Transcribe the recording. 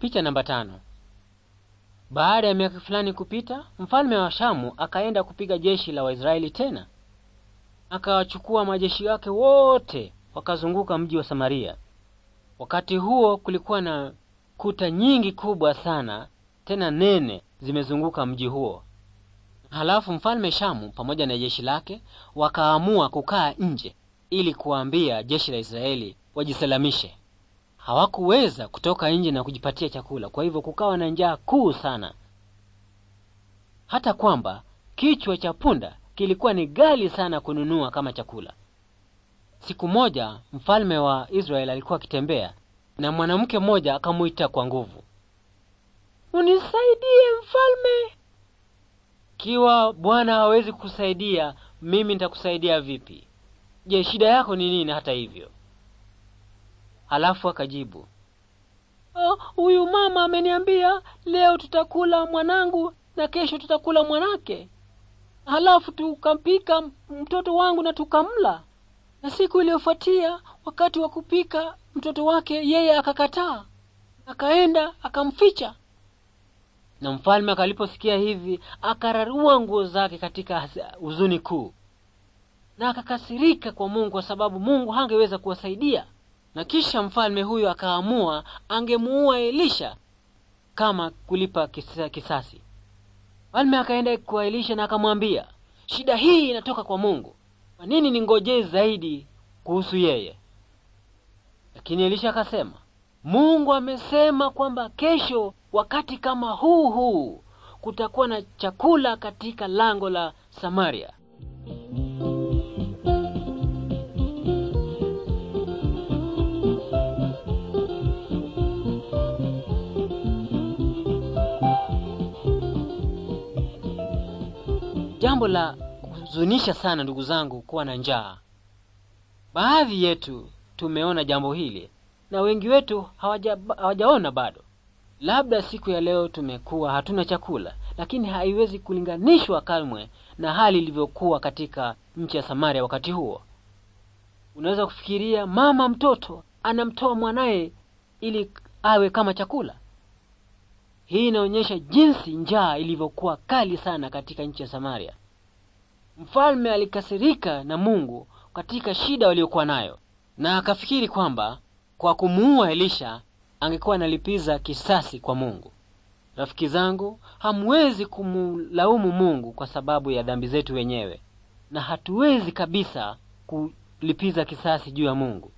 Picha namba tano. Baada ya miaka fulani kupita, mfalme wa Shamu akaenda kupiga jeshi la Waisraeli tena. Akawachukua majeshi yake wote wakazunguka mji wa Samaria. Wakati huo kulikuwa na kuta nyingi kubwa sana tena nene zimezunguka mji huo. Halafu mfalme Shamu pamoja na jeshi lake wakaamua kukaa nje ili kuambia jeshi la Israeli wajisalamishe hawakuweza kutoka nje na kujipatia chakula, kwa hivyo kukawa na njaa kuu sana, hata kwamba kichwa cha punda kilikuwa ni ghali sana kununua kama chakula. Siku moja mfalme wa Israeli alikuwa akitembea na mwanamke mmoja akamuita kwa nguvu, unisaidie mfalme. Kiwa Bwana hawezi kukusaidia, mimi nitakusaidia vipi? Je, shida yako ni nini? Hata hivyo Halafu akajibu, ah, huyu mama ameniambia leo tutakula mwanangu na kesho tutakula mwanake, halafu tukampika mtoto wangu na tukamla, na siku iliyofuatia wakati wa kupika mtoto wake yeye akakataa, akaenda akamficha. Na mfalme akaliposikia hivi, akararua nguo zake katika huzuni kuu, na akakasirika kwa Mungu kwa sababu Mungu hangeweza kuwasaidia. Na kisha mfalme huyo akaamua angemuua Elisha kama kulipa kisa, kisasi. Mfalme akaenda kwa Elisha na akamwambia, shida hii inatoka kwa Mungu, kwa nini ningojee zaidi kuhusu yeye? Lakini Elisha akasema, Mungu amesema kwamba kesho wakati kama huu huu kutakuwa na chakula katika lango la Samaria. jambo la kuhuzunisha sana ndugu zangu kuwa na njaa baadhi yetu tumeona jambo hili na wengi wetu hawaja, hawajaona bado labda siku ya leo tumekuwa hatuna chakula lakini haiwezi kulinganishwa kamwe na hali ilivyokuwa katika nchi ya samaria wakati huo unaweza kufikiria mama mtoto anamtoa mwanaye ili awe kama chakula hii inaonyesha jinsi njaa ilivyokuwa kali sana katika nchi ya samaria Mfalme alikasirika na Mungu katika shida waliokuwa nayo na akafikiri kwamba kwa kumuua Elisha angekuwa analipiza kisasi kwa Mungu. Rafiki zangu, hamwezi kumlaumu Mungu kwa sababu ya dhambi zetu wenyewe na hatuwezi kabisa kulipiza kisasi juu ya Mungu.